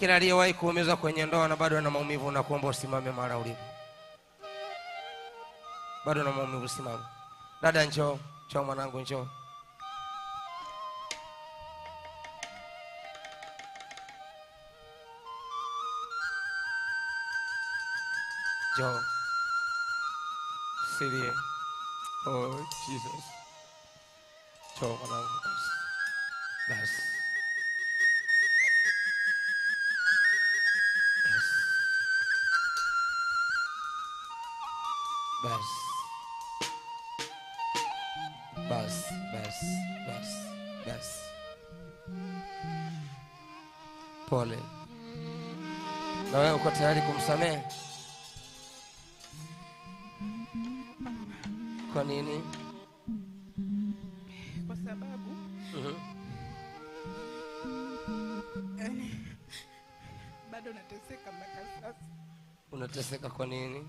kila aliyewahi kuumizwa kwenye ndoa na bado ana maumivu, na kuomba usimame mara ulipo, bado na maumivu, simama. Dada njoo, njoo mwanangu, njoo. Njoo. Silie. Oh, Jesus. Njoo mwanangu. Basi. pole. Na wewe uko tayari kumsamehe? Kwa nini? Kwa sababu mhm. yaani, bado nateseka mpaka sasa. Unateseka kwa nini?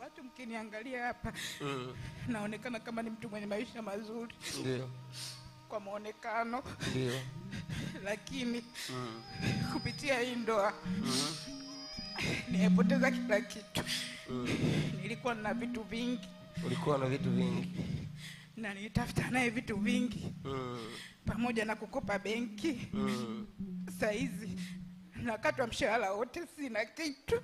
Watu mkiniangalia hapa mhm. naonekana kama ni mtu mwenye maisha mazuri, ndio kwa mwonekano, ndio lakini mm. kupitia hii ndoa mm. nimepoteza kila kitu mm. nilikuwa na vitu vingi. Ulikuwa na vitu vingi na nilitafuta naye vitu vingi mm. pamoja na kukopa benki mm. Saizi nakatwa mshahara wote, sina kitu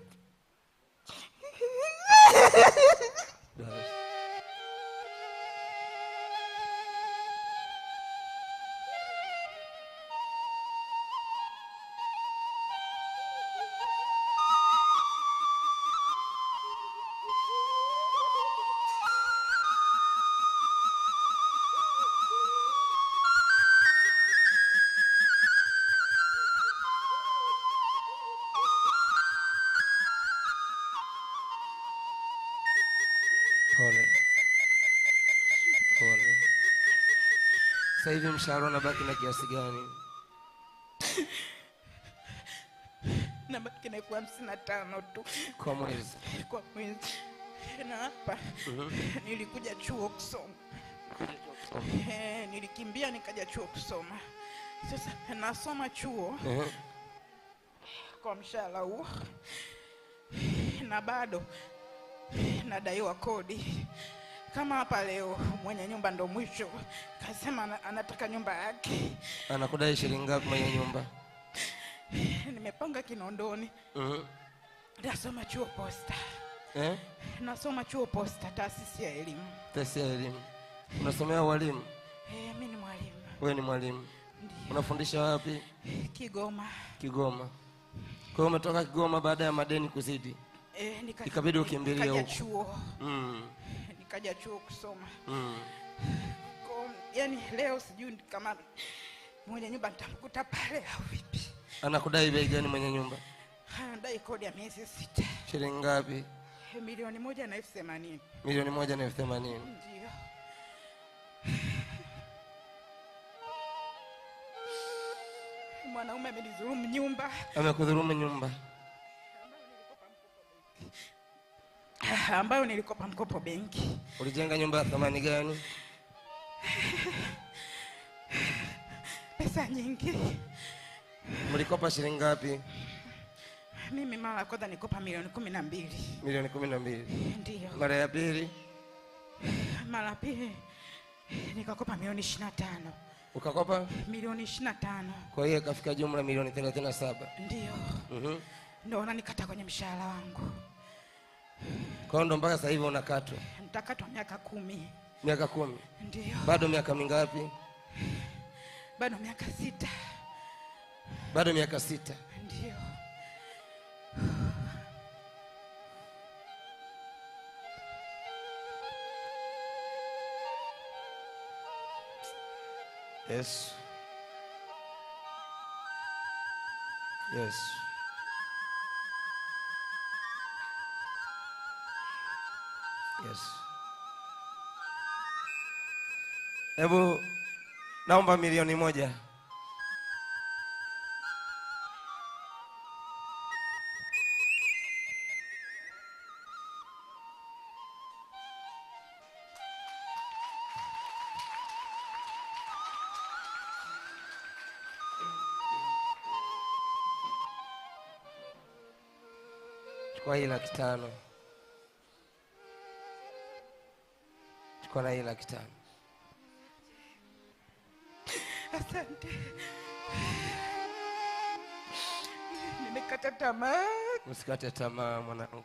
Sasa hivi mshahara unabaki na kiasi gani? Nabaki na elfu hamsini na tano tu kwa mwezi, kwa mwezi. Na hapa mhm. nilikuja chuo kusoma, eh, nilikimbia nikaja chuo kusoma. Sasa nasoma chuo mhm. kwa mshahara huo, na bado nadaiwa kodi kama hapa leo mwenye nyumba ndo mwisho kasema anataka nyumba yake. Anakudai shilingi ngapi mwenye nyumba? Nimepanga Kinondoni. Uh mhm. -huh. Nasoma chuo posta eh? Nasoma chuo posta, taasisi ya elimu. Taasisi ya elimu. Unasomea walimu? Eh, mimi ni mwalimu. Wewe ni mwalimu? Ndiyo. Unafundisha wapi? Kigoma. Kigoma. Kwa hiyo umetoka Kigoma baada ya madeni kuzidi? Eh, nika, ikabidi ukimbilia huko. Chuo. Mm nikaja chuo kusoma mm. Kwa, yani leo sijui kama mwenye nyumba nitamkuta pale au vipi. Anakudai bei gani mwenye nyumba? Anadai kodi ya miezi sita. Shilingi ngapi? Eh, milioni moja na elfu themanini. Milioni moja na elfu themanini. Ndio. Mwanaume amenidhulumu nyumba. Amekudhulumu nyumba ambayo nilikopa mkopo benki. Ulijenga nyumba ya thamani gani? Pesa nyingi. Mlikopa shilingi ngapi? Mimi mara ya kwanza nikopa milioni kumi na mbili. Milioni kumi na mbili? Ndiyo. Mara ya pili? Mara pili nikakopa milioni ishirini na tano. Ukakopa milioni ishirini na tano. Kwa hiyo ikafika jumla milioni thelathini na saba. mm -hmm. Ndio nanikata kwenye mshahara wangu. Kwa hiyo ndo mpaka sasa hivi unakatwa? Nitakatwa miaka kumi. Miaka kumi? Ndio. Bado miaka mingapi? Bado miaka sita. Bado miaka sita? Ndio. Yesu. Yesu. Yes. Hebu naomba milioni moja. Chukua hii laki tano. kwa Laila laki tano. Asante. Nimekata tamaa. Usikate tamaa mwanangu,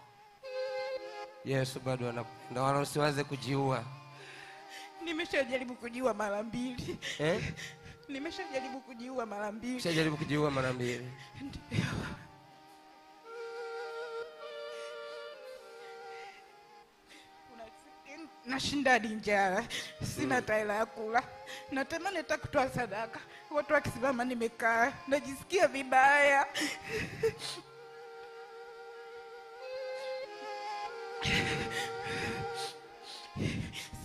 Yesu bado anakupenda, wala usiwaze kujiua. Nimeshajaribu kujiua mara mbili eh? Nimeshajaribu kujiua mara mbili. Shajaribu kujiua mara mbili, ndio nashinda njara sina mm. taela ya kula, natamani hata kutoa sadaka, watu wakisimama nimekaa najisikia vibaya.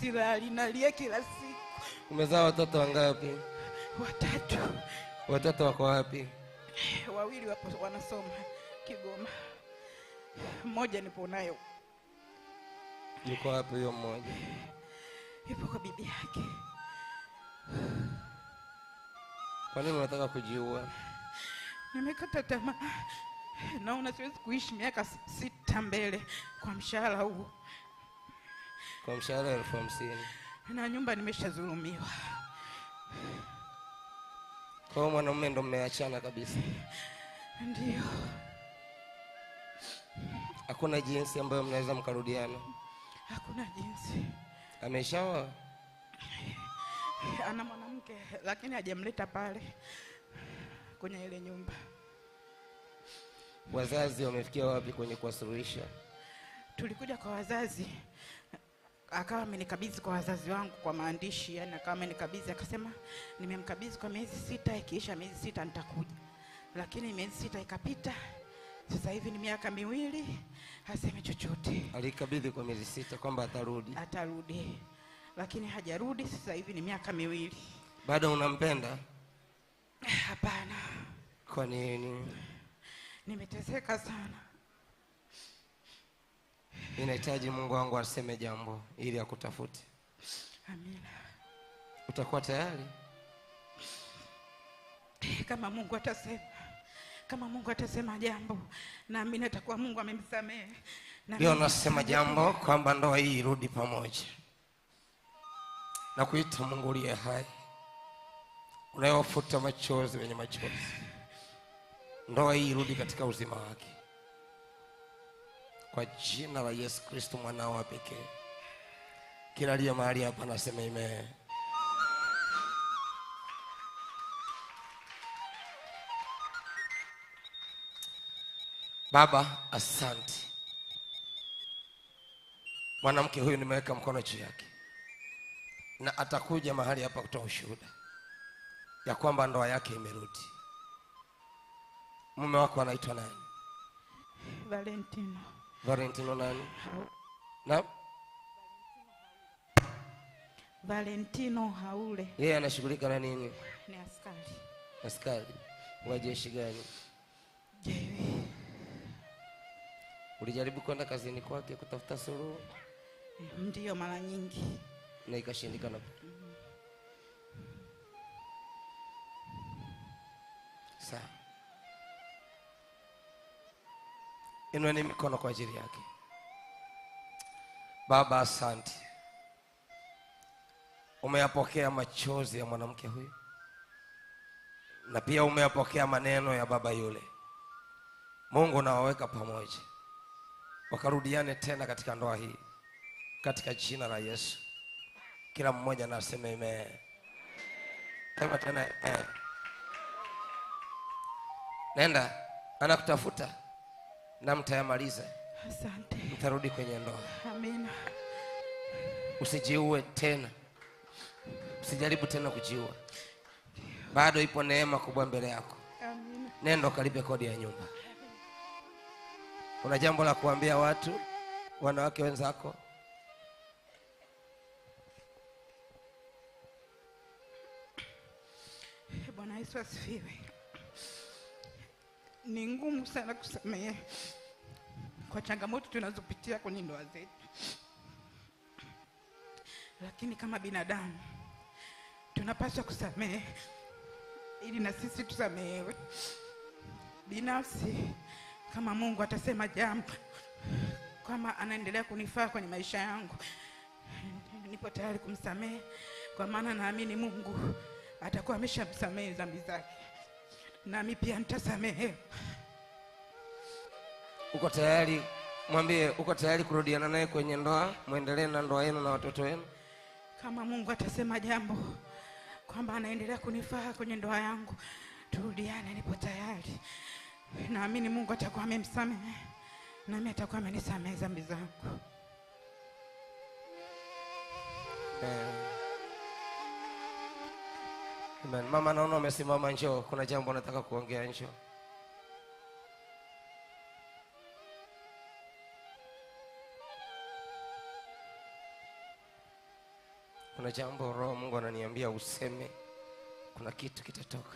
Silali, nalia kila siku. Umezaa watoto wangapi? Watatu. Watoto wako wapi? Wawili wapo wanasoma Kigoma, mmoja nipo nayo Yuko wapi huyo mmoja? Yupo kwa bibi yake. Kwa nini unataka kujiua? Nimekata tamaa, naona siwezi kuishi miaka sita mbele kwa mshahara huu, kwa mshahara elfu hamsini na nyumba nimeshazulumiwa. Kwa hiyo mwanamume ndo mmeachana kabisa? Ndio. Hakuna jinsi ambayo mnaweza mkarudiana? Hakuna jinsi. Ameshaoa? Eh, ana mwanamke lakini hajamleta pale kwenye ile nyumba. Wazazi wamefikia wapi kwenye kuwasuluhisha? Tulikuja kwa wazazi, akawa amenikabidhi kwa wazazi wangu kwa maandishi, yani akawa amenikabidhi akasema, nimemkabidhi kwa miezi sita, ikiisha miezi sita nitakuja. Lakini miezi sita ikapita sasa hivi ni miaka miwili haseme chochote. Alikabidhi kwa miezi sita kwamba atarudi, atarudi, lakini hajarudi. Sasa hivi ni miaka miwili. Bado unampenda? Eh, hapana. Kwa nini? Nimeteseka sana, inahitaji Mungu wangu aseme jambo ili akutafute. Amina. Utakuwa tayari eh, kama Mungu atasema kama Mungu atasema jambo, naamini atakuwa Mungu amemsamehe. Ndio nasema jambo kwamba ndoa hii irudi pamoja na kuita Mungu uliye hai, unayofuta machozi wenye machozi, ndoa hii irudi katika uzima wake kwa jina la Yesu Kristo mwanao wa pekee. Kila aliye mahali hapa nasema amen. Baba, asante. Mwanamke huyu nimeweka mkono juu yake, na atakuja mahali hapa kutoa ushuhuda ya kwamba ndoa yake imerudi. Mume wako anaitwa nani? Valentino. Valentino nani? Na Valentino Haule. Yeye yeah, anashughulika na nini? Ni askari. Askari wa jeshi gani? Jeshi Ulijaribu kwenda kazini kwake kutafuta suluhu? Eh, Ndiyo, mara nyingi na ikashindikana. Mm. Sawa, inueni mikono kwa ajili yake. Baba, asante, umeyapokea machozi ya mwanamke huyu na pia umeyapokea maneno ya baba yule. Mungu, nawaweka pamoja wakarudiane tena katika ndoa hii katika jina la Yesu. Kila mmoja anasema amen. Sema tena amen. Nenda, anakutafuta na mtayamaliza. Asante. Mtarudi kwenye ndoa. Amina. Usijiue tena, usijaribu tena kujiua. Bado ipo neema kubwa mbele yako. Amina. Nenda ukalipe kodi ya nyumba. Kuna jambo la kuambia watu, wanawake wenzako? Bwana Yesu asifiwe. Ni ngumu sana kusamehe kwa changamoto tunazopitia kwenye ndoa zetu, lakini kama binadamu tunapaswa kusamehe ili na sisi tusamehewe. Binafsi kama Mungu atasema jambo, kama anaendelea kunifaa kwenye maisha yangu, nipo tayari kumsamehe, kwa maana naamini Mungu atakuwa ameshamsamehe dhambi zake, nami pia nitasamehe. Uko tayari? Mwambie uko tayari kurudiana naye kwenye ndoa, muendelee na ndoa yenu na watoto wenu, kama Mungu atasema jambo kwamba anaendelea kunifaa kwenye ndoa yangu, turudiane, nipo tayari naamini Mungu atakuwa amemsamehe nami atakuwa amenisamehe dhambi zangu. Amen. Mama, naona umesimama, njoo. Kuna jambo nataka kuongea, njoo. Kuna jambo Roho Mungu ananiambia useme, kuna kitu kitatoka.